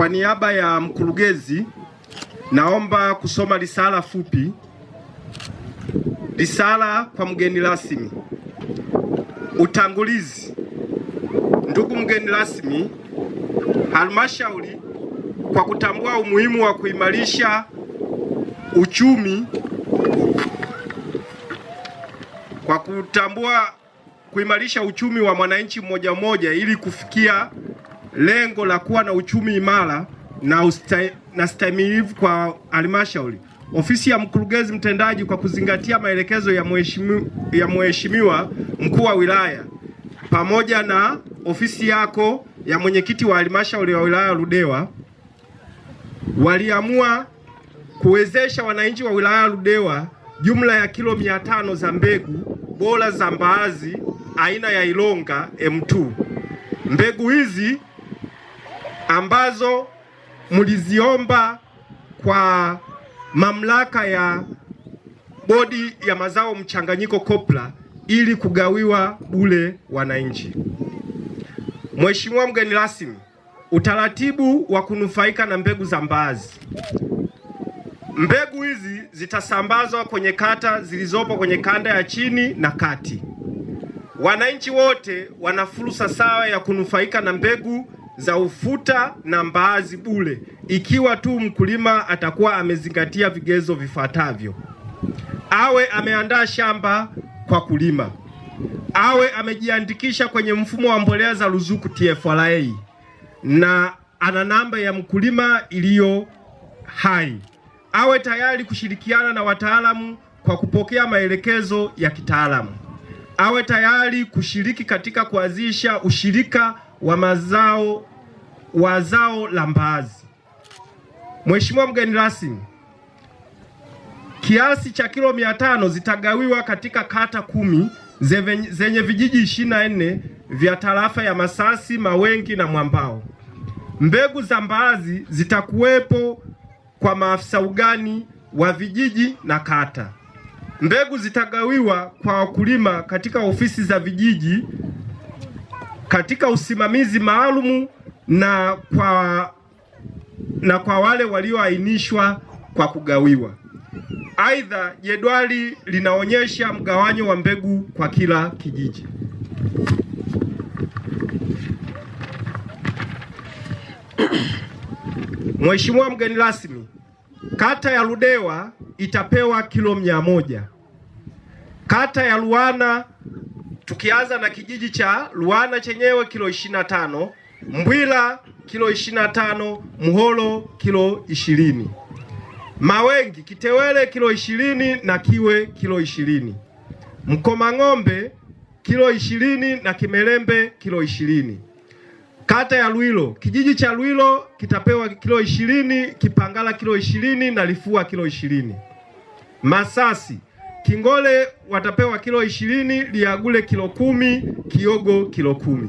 Kwa niaba ya mkurugenzi, naomba kusoma risala fupi. Risala kwa mgeni rasmi. Utangulizi. Ndugu mgeni rasmi, halmashauri kwa kutambua umuhimu wa kuimarisha uchumi kwa kutambua kuimarisha uchumi wa mwananchi mmoja mmoja ili kufikia lengo la kuwa na uchumi imara na, ustai, na stahimilivu kwa halmashauri. Ofisi ya mkurugenzi mtendaji kwa kuzingatia maelekezo ya mheshimiwa ya mheshimiwa mkuu wa wilaya pamoja na ofisi yako ya mwenyekiti wa halmashauri ya wilaya Ludewa waliamua kuwezesha wananchi wa wilaya Ludewa jumla ya kilo mia tano za mbegu bora za mbaazi aina ya Ilonga M2. Mbegu hizi ambazo mliziomba kwa mamlaka ya bodi ya mazao mchanganyiko COPRA ili kugawiwa bure wananchi. Mheshimiwa mgeni rasmi, utaratibu wa kunufaika na mbegu za mbaazi. Mbegu hizi zitasambazwa kwenye kata zilizopo kwenye kanda ya chini na kati. Wananchi wote wana fursa sawa ya kunufaika na mbegu za ufuta na mbaazi bure ikiwa tu mkulima atakuwa amezingatia vigezo vifuatavyo: awe ameandaa shamba kwa kulima, awe amejiandikisha kwenye mfumo wa mbolea za ruzuku TFRA na ana namba ya mkulima iliyo hai, awe tayari kushirikiana na wataalamu kwa kupokea maelekezo ya kitaalamu, awe tayari kushiriki katika kuanzisha ushirika wa mazao wa zao la mbaazi. Mheshimiwa mgeni rasmi, kiasi cha kilo mia tano zitagawiwa katika kata kumi zenye vijiji 24 vya tarafa ya Masasi, Mawengi na Mwambao. Mbegu za mbaazi zitakuwepo kwa maafisa ugani wa vijiji na kata. Mbegu zitagawiwa kwa wakulima katika ofisi za vijiji katika usimamizi maalumu na kwa, na kwa wale walioainishwa kwa kugawiwa. Aidha, jedwali linaonyesha mgawanyo wa mbegu kwa kila kijiji. Mheshimiwa mgeni rasmi, kata ya Ludewa itapewa kilo mia moja. Kata ya Luana tukianza na kijiji cha Luana chenyewe kilo ishirini na tano. Mbwila kilo ishirini tano, Muholo kilo ishirini, Mawengi Kitewele kilo ishirini na Kiwe kilo ishirini, Mkomang'ombe kilo ishirini na Kimelembe kilo ishirini. Kata ya Lwilo, kijiji cha Lwilo kitapewa kilo ishirini, Kipangala kilo ishirini na Lifua kilo ishirini. Masasi Kingole watapewa kilo ishirini, Liagule kilo kumi, Kiogo kilo kumi.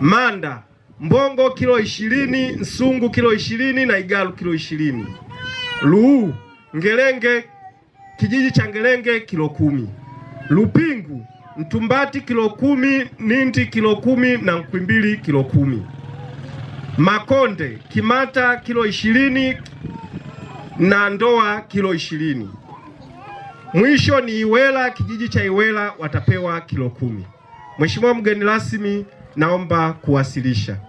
Manda Mbongo kilo ishirini, Nsungu kilo ishirini na Igalu kilo ishirini. Luu Ngelenge, kijiji cha Ngelenge kilo kumi, Lupingu Mtumbati kilo kumi, ninti kilo kumi na mkwimbili kilo kumi. Makonde Kimata kilo ishirini na Ndoa kilo ishirini. Mwisho ni Iwela, kijiji cha Iwela watapewa kilo kumi. Mheshimiwa mgeni rasmi, naomba kuwasilisha.